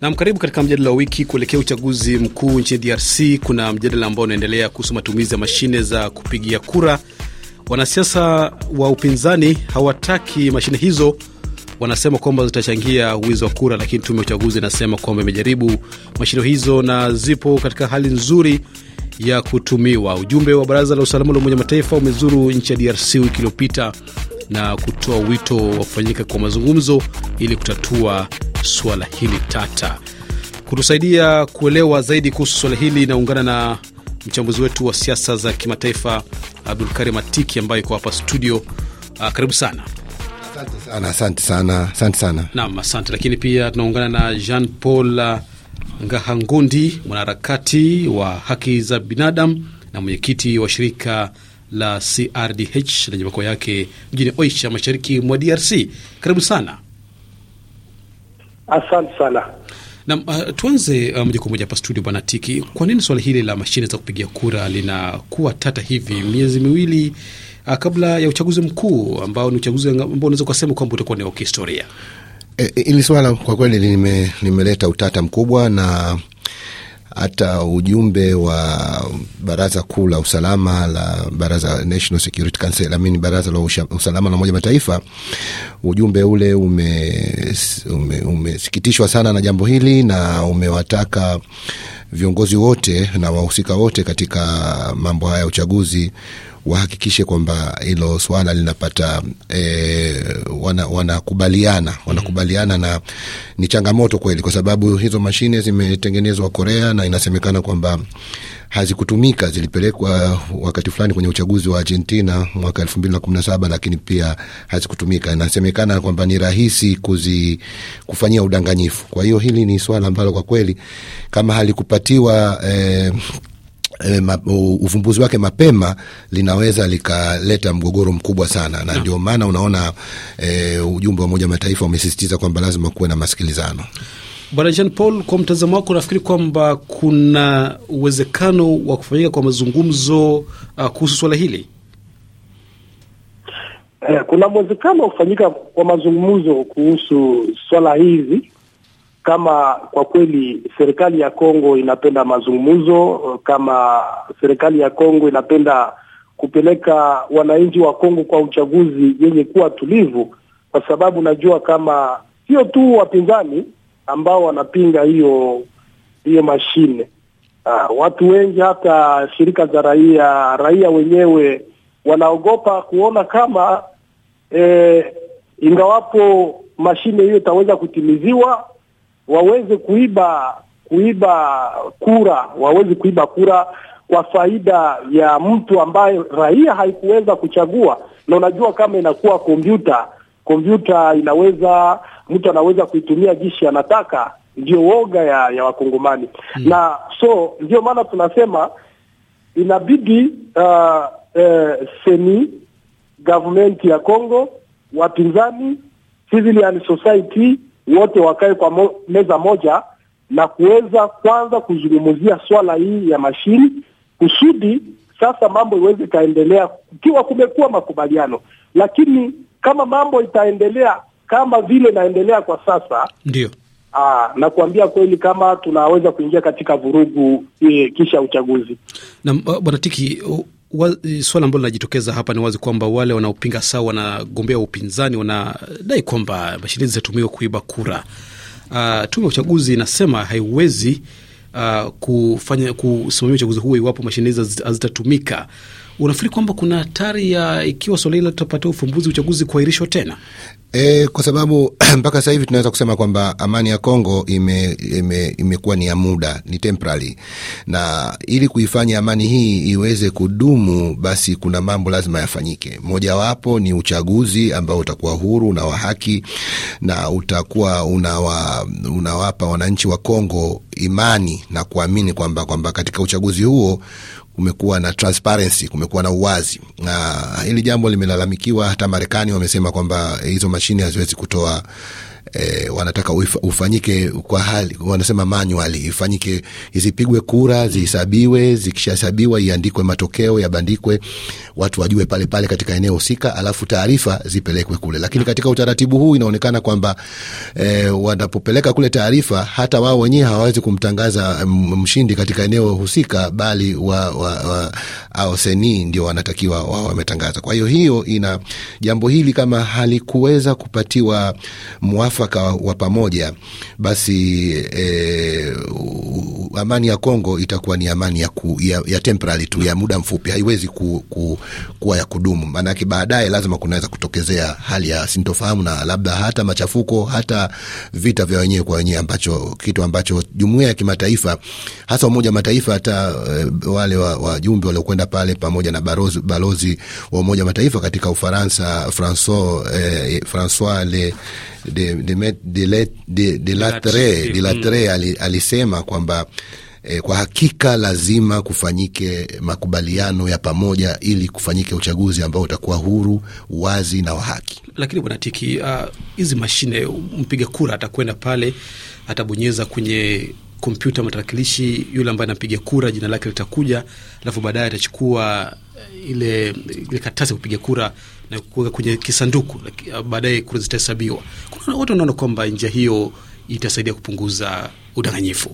Nam, karibu katika mjadala wa wiki kuelekea uchaguzi mkuu nchini DRC. Kuna mjadala ambao unaendelea kuhusu matumizi ya mashine za kupigia kura. Wanasiasa wa upinzani hawataki mashine hizo, wanasema kwamba zitachangia wizi wa kura, lakini tume ya uchaguzi inasema kwamba imejaribu mashine hizo na zipo katika hali nzuri ya kutumiwa. Ujumbe wa Baraza la Usalama la Umoja Mataifa umezuru nchi ya DRC wiki iliyopita na kutoa wito wa kufanyika kwa mazungumzo ili kutatua swala hili tata. Kutusaidia kuelewa zaidi kuhusu swala hili, inaungana na mchambuzi wetu wa siasa za kimataifa Abdulkarim Atiki ambaye iko hapa studio. Uh, karibu sana. Asante sana, asante sana. Naam, asante. Lakini pia tunaungana na Jean Paul ah, Ngahangundi, mwanaharakati wa haki za binadamu na mwenyekiti wa shirika la CRDH lenye makao yake mjini Oicha, mashariki mwa DRC. Karibu sana. Asante sana. Naam, uh, tuanze uh, moja kwa moja hapa studio, bwana Tiki, kwa nini swala hili la mashine za kupigia kura linakuwa tata hivi miezi miwili uh, kabla ya uchaguzi mkuu ambao ni uchaguzi ambao unaweza ukasema kwamba utakuwa ni wa kihistoria? Eh, eh, hili e, swala kwa kweli limeleta utata mkubwa na hata ujumbe wa baraza kuu la usalama la baraza National Security Council, amini baraza la usalama la Umoja Mataifa, ujumbe ule umesikitishwa ume, ume sana na jambo hili na umewataka viongozi wote na wahusika wote katika mambo haya ya uchaguzi wahakikishe kwamba hilo swala linapata e, wanakubaliana wana wanakubaliana Na ni changamoto kweli, kwa sababu hizo mashine zimetengenezwa Korea na inasemekana kwamba hazikutumika, zilipelekwa wakati fulani kwenye uchaguzi wa Argentina mwaka elfu mbili na kumi na saba lakini pia hazikutumika. Inasemekana kwamba ni rahisi kuzi, kufanyia udanganyifu. Kwa hiyo hili ni swala ambalo kwa kweli kama halikupatiwa eh, e, ma, uvumbuzi wake mapema linaweza likaleta mgogoro mkubwa sana na ndio maana unaona e, ujumbe wa Umoja wa Mataifa umesisitiza kwamba lazima kuwe na masikilizano. Bwana Jean Paul, kwa mtazamo wako, nafikiri kwamba kuna uwezekano wa kufanyika kwa mazungumzo uh, kuhusu swala hili? Eh, kuna uwezekano wa kufanyika kwa mazungumzo kuhusu swala hizi kama kwa kweli serikali ya Kongo inapenda mazungumzo, kama serikali ya Kongo inapenda kupeleka wananchi wa Kongo kwa uchaguzi yenye kuwa tulivu, kwa sababu najua kama sio tu wapinzani ambao wanapinga hiyo hiyo mashine. Uh, watu wengi hata shirika za raia raia wenyewe wanaogopa kuona kama eh, ingawapo mashine hiyo itaweza kutimiziwa waweze kuiba kuiba kura, waweze kuiba kura kwa faida ya mtu ambaye raia haikuweza kuchagua. Na unajua kama inakuwa kompyuta, kompyuta inaweza mtu anaweza kuitumia jinsi anataka, ndio woga ya, ya Wakongomani hmm. Na so ndio maana tunasema inabidi uh, eh, seni government ya Congo, wapinzani, civil society wote wakae kwa mo, meza moja na kuweza kwanza kuzungumzia swala hii ya mashini kusudi sasa mambo iweze ikaendelea, ikiwa kumekuwa makubaliano, lakini kama mambo itaendelea kama vile inaendelea kwa sasa, ndio Aa, ah, na kuambia kweli kama tunaweza kuingia katika vurugu e, kisha uchaguzi. Na bwana Tiki Eh, swala ambalo linajitokeza hapa ni wazi kwamba wale wanaopinga saa wanagombea upinzani wanadai kwamba mashine zitatumiwa kuiba kura. Uh, tume ya uchaguzi inasema haiwezi uh, kufanya kusimamia uchaguzi huo iwapo mashine hizo hazitatumika unafikiri kwamba kuna hatari ya ikiwa swala hilo tutapatia ufumbuzi uchaguzi kuahirishwa tena? E, kwa sababu mpaka sasa hivi tunaweza kusema kwamba amani ya Kongo ime, ime, ni ya muda, ni temporary, na ili kuifanya amani hii iweze kudumu, basi kuna mambo lazima yafanyike. Mojawapo ni uchaguzi ambao utakuwa huru na wa haki na utakuwa unawa, unawapa wananchi wa Kongo imani na kuamini kwamba kwamba katika uchaguzi huo kumekuwa na transparency, kumekuwa na uwazi, na hili jambo limelalamikiwa. Hata Marekani wamesema kwamba hizo mashine haziwezi kutoa e, wanataka ufanyike kwa hali, wanasema manually ifanyike, zipigwe kura, zihesabiwe, zikishahesabiwa iandikwe matokeo, yabandikwe, watu wajue pale pale katika eneo husika, alafu taarifa zipelekwe kule. Lakini katika utaratibu huu inaonekana kwamba e, wanapopeleka kule taarifa, hata wao wenyewe hawawezi kumtangaza mm, mshindi katika eneo husika, bali wa, wa, wa, aoseni ndio wanatakiwa wao wametangaza. Kwa hiyo hiyo ina jambo hili kama halikuweza kupatiwa mwafaka mwafaka wa pamoja, basi e, amani ya Kongo itakuwa ni amani ya, ku, ya, ya temporary tu ya muda mfupi, haiwezi ku, ku, kuwa ya kudumu, maanake baadaye lazima kunaweza kutokezea hali ya sintofahamu na labda hata machafuko, hata vita vya wenyewe kwa wenyewe, ambacho kitu ambacho jumuia ya kimataifa hasa Umoja wa Mataifa hata e, wale wajumbe wa waliokwenda pale pamoja na barozi, balozi wa Umoja wa Mataifa katika Ufaransa Francois, e, Francois le de, de, met, de, de, de latre de mm. alisema kwamba eh, kwa hakika lazima kufanyike makubaliano ya pamoja ili kufanyike uchaguzi ambao utakuwa huru, wazi na wa haki. Lakini bwana Tiki, ah, hizi uh, mashine mpiga kura atakwenda pale, atabonyeza kwenye kompyuta matarakilishi, yule ambaye anapiga kura jina lake litakuja, alafu baadaye atachukua Eh, ile, ile karatasi ya kupiga kura na kuweka kwenye kisanduku, eh, baadaye kura zitahesabiwa. Kuna watu wanaona kwamba njia hiyo itasaidia kupunguza udanganyifu.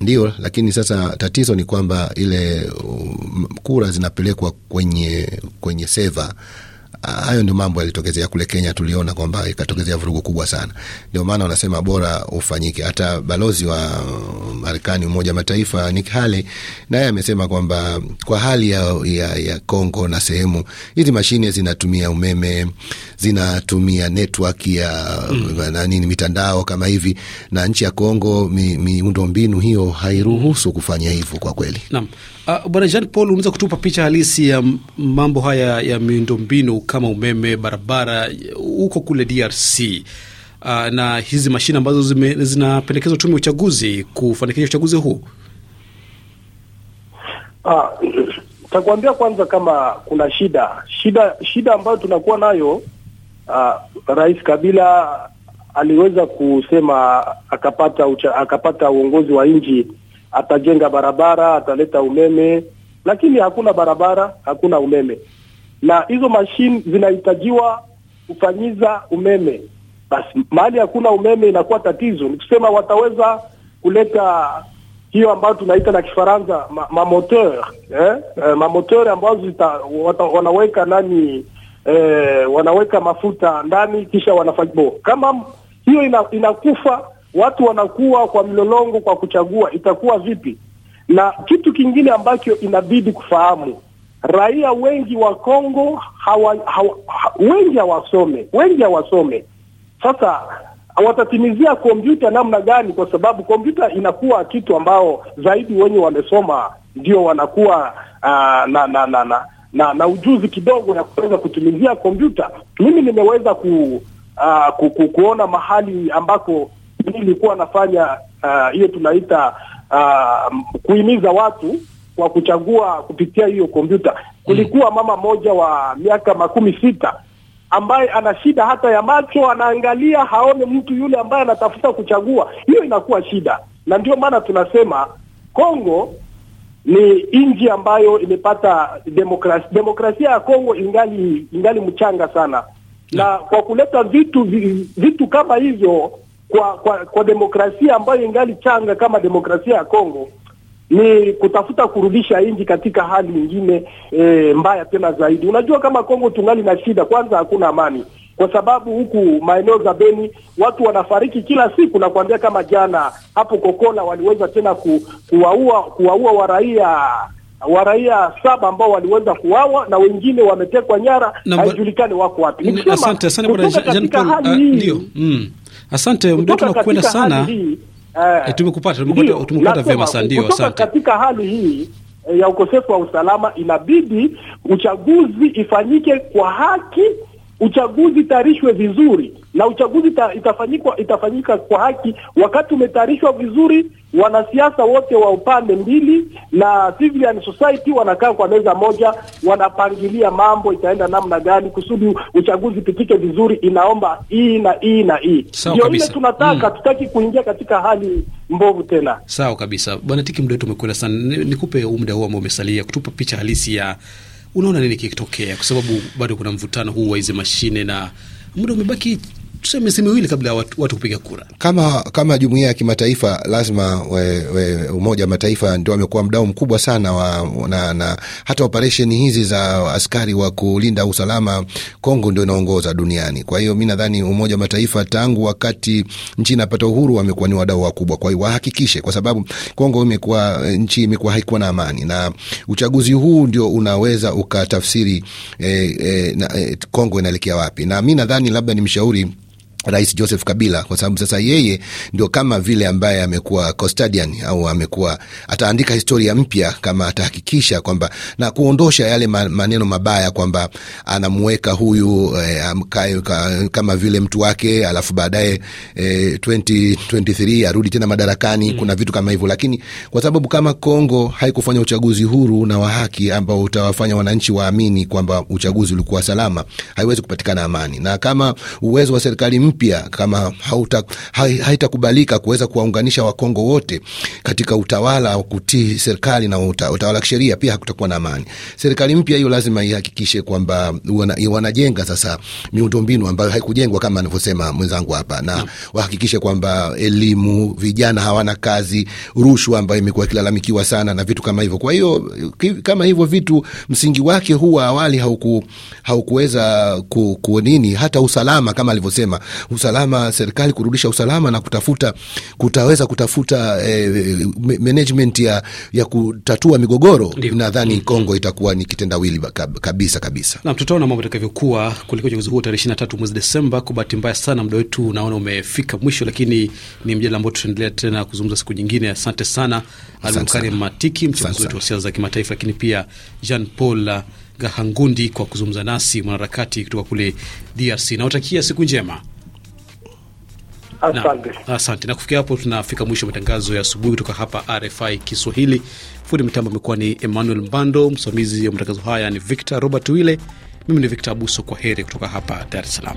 Ndio, lakini sasa tatizo ni kwamba ile um, kura zinapelekwa kwenye, kwenye seva hayo ndio mambo yalitokezea kule Kenya, tuliona kwamba ikatokezea vurugu kubwa sana. Ndio maana wanasema bora ufanyike. Hata balozi wa Marekani Umoja Mataifa Nikki Haley naye amesema kwamba kwa hali ya, ya, ya Kongo na sehemu hizi, mashine zinatumia umeme, zinatumia network ya mm. nanini mitandao kama hivi, na nchi ya Kongo miundo mi mbinu hiyo hairuhusu kufanya hivyo kwa kweli. Naam. Ah, Bwana Jean Paul, unaweza kutupa picha halisi ya mambo haya ya miundombinu kama umeme, barabara huko kule DRC uh, ah, na hizi mashine ambazo zinapendekezwa tume uchaguzi kufanikisha uchaguzi huu? Uh, ah, takuambia kwanza kama kuna shida shida shida ambayo tunakuwa nayo. uh, Rais Kabila aliweza kusema akapata ucha, akapata uongozi wa nchi atajenga barabara, ataleta umeme, lakini hakuna barabara, hakuna umeme, na hizo mashine zinahitajiwa kufanyiza umeme. Basi mahali hakuna umeme inakuwa tatizo. Ni kusema wataweza kuleta hiyo ambayo tunaita na Kifaransa ma, moteur eh? Eh, ma moteur ambazo wanaweka nani eh, wanaweka mafuta ndani kisha wanafanya kama hiyo ina, inakufa watu wanakuwa kwa mlolongo kwa kuchagua itakuwa vipi? Na kitu kingine ambacho inabidi kufahamu, raia wengi wa Kongo hawa, hawa, hawa, wengi hawasome, wengi hawasome. Sasa watatimizia kompyuta namna gani? Kwa sababu kompyuta inakuwa kitu ambao zaidi wenye wamesoma ndio wanakuwa uh, na, na, na, na, na, na ujuzi kidogo ya kuweza kutimizia kompyuta. Mimi nimeweza ku, uh, ku, ku, kuona mahali ambako mimi nilikuwa nafanya uh, hiyo uh, tunaita uh, kuhimiza watu kwa kuchagua kupitia hiyo kompyuta. Kulikuwa mm. mama mmoja wa miaka makumi sita ambaye ana shida hata ya macho, anaangalia haone mtu yule ambaye anatafuta kuchagua. Hiyo inakuwa shida, na ndio maana tunasema Kongo ni nchi ambayo imepata demokrasia. Demokrasia ya Kongo ingali ingali mchanga sana, na kwa kuleta vitu vitu kama hivyo kwa, kwa, kwa demokrasia ambayo ingali changa kama demokrasia ya Kongo ni kutafuta kurudisha nchi katika hali nyingine e, mbaya tena zaidi. Unajua, kama Kongo tungali na shida, kwanza hakuna amani kwa sababu huku maeneo za Beni watu wanafariki kila siku, na kuambia kama jana hapo Kokola waliweza tena ku, kuwaua kuwaua waraia waraia saba ambao waliweza kuwawa na wengine wametekwa nyara, haijulikani wako wapi. Asante sana bwana Jean Paul, ah, ndio. Mm. Asante, muda tunakwenda sana. Uh, tumekupata tumekupata vyema sana, ndio asante. Katika hali hii eh, ya ukosefu wa usalama, inabidi uchaguzi ifanyike kwa haki, uchaguzi itayarishwe vizuri na uchaguzi ita, itafanyika itafanyika kwa haki, wakati umetayarishwa vizuri. Wanasiasa wote wa upande mbili na civil society wanakaa kwa meza moja, wanapangilia mambo itaenda namna gani kusudi uchaguzi pitike vizuri. Inaomba hii na hii na hii, ndio ile tunataka mm. Tutaki kuingia katika hali mbovu tena. Sawa kabisa, bwana Tiki, muda wetu umekwenda sana. Nikupe ni muda huu ambao umesalia kutupa picha halisi ya unaona nini kikitokea, kwa sababu bado kuna mvutano huu wa hizi mashine na muda umebaki tuseme miezi miwili kabla ya watu, watu kupiga kura. Kama, kama jumuia ya kimataifa lazima we, we, Umoja wa Mataifa ndio amekuwa mdau mkubwa sana wa, na, na hata operesheni hizi za askari wa kulinda usalama Kongo ndio inaongoza duniani. Kwa hiyo mi nadhani Umoja wa Mataifa tangu wakati nchi inapata uhuru wamekuwa ni wadau wakubwa, kwa hiyo wahakikishe, kwa sababu Kongo imekuwa nchi imekuwa haikuwa na amani, na uchaguzi huu ndio unaweza ukatafsiri eh, eh, na, eh, Kongo inaelekea wapi, na mi nadhani labda ni mshauri Rais Joseph Kabila kwa sababu sasa yeye ndio kama vile ambaye amekuwa custodian au amekuwa ataandika historia mpya kama atahakikisha kwamba na kuondosha yale maneno mabaya kwamba anamweka huyu eh, amkae kama vile mtu wake, alafu baadaye eh, 2023 arudi tena madarakani mm. Kuna vitu kama hivyo, lakini kwa sababu kama Kongo haikufanya uchaguzi huru na wa haki ambao utawafanya wananchi waamini kwamba uchaguzi ulikuwa salama, haiwezi kupatikana amani, na kama uwezo wa serikali mpya kama haitakubalika kuweza kuwaunganisha Wakongo wote katika utawala wa kutii serikali na utawala wa kisheria, pia hakutakuwa na amani. Serikali mpya hiyo lazima ihakikishe kwamba wanajenga sasa miundombinu ambayo haikujengwa kama anavyosema mwenzangu hapa, na mm. wahakikishe kwamba elimu, vijana hawana kazi, rushwa ambayo imekuwa ikilalamikiwa sana na vitu kama hivyo. Kwa hiyo kama hivyo vitu msingi wake huwa awali hauku, haukuweza ku, ku hata usalama kama alivyosema usalama, serikali kurudisha usalama na kutafuta kutaweza kutafuta eh, management ya, ya kutatua migogoro, nadhani mm. Kongo itakuwa ni kitendawili kabisa kabisa. Naam, tutaona mambo itakavyokuwa kuliko uchaguzi huo tarehe 23 mwezi Desemba. Kwa bahati mbaya sana, muda wetu naona umefika mwisho, lakini ni mjadala ambao tutaendelea tena kuzungumza siku nyingine. Asante sana Abdulkarim Matiki, mchambuzi wetu wa siasa za kimataifa, lakini pia Jean Paul Gahangundi kwa kuzungumza nasi, mwanaharakati kutoka kule DRC. Nawatakia siku njema. Asante na, asante na kufikia hapo tunafika mwisho matangazo ya asubuhi kutoka hapa RFI Kiswahili. Fundi mitambo amekuwa ni Emmanuel Mbando, msimamizi wa matangazo haya ni Victor Robert Wile, mimi ni Victor Abuso. Kwa heri kutoka hapa Dar es Salaam.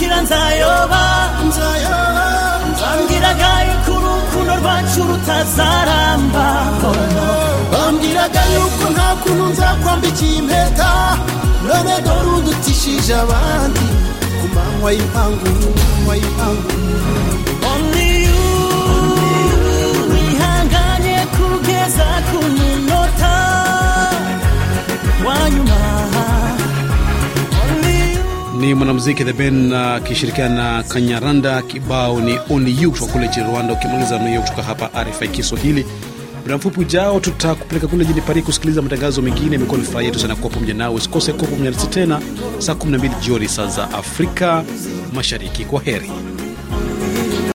nzakira nzayoba bambwira yuko urukundo rwacu rutazaramba bambwiraga yuko nta kuntu nzakwambikiye impeta none dore udutishije abandi ku manywa y'impangu ku manywa y'impangu ni mwanamuziki The Ben uh, akishirikiana na Kanyaranda. Kibao ni Only You kutoka kule nchini Rwanda, ukimaliza nio kutoka hapa RFI Kiswahili. Muda mfupi ujao tutakupeleka kule jini Paris kusikiliza matangazo mengine. Imekuwa ni furaha yetu sana kuwa pamoja nawe. Usikose kuwa pamoja nasi tena saa 12 jioni saa za Afrika Mashariki. Kwa heri.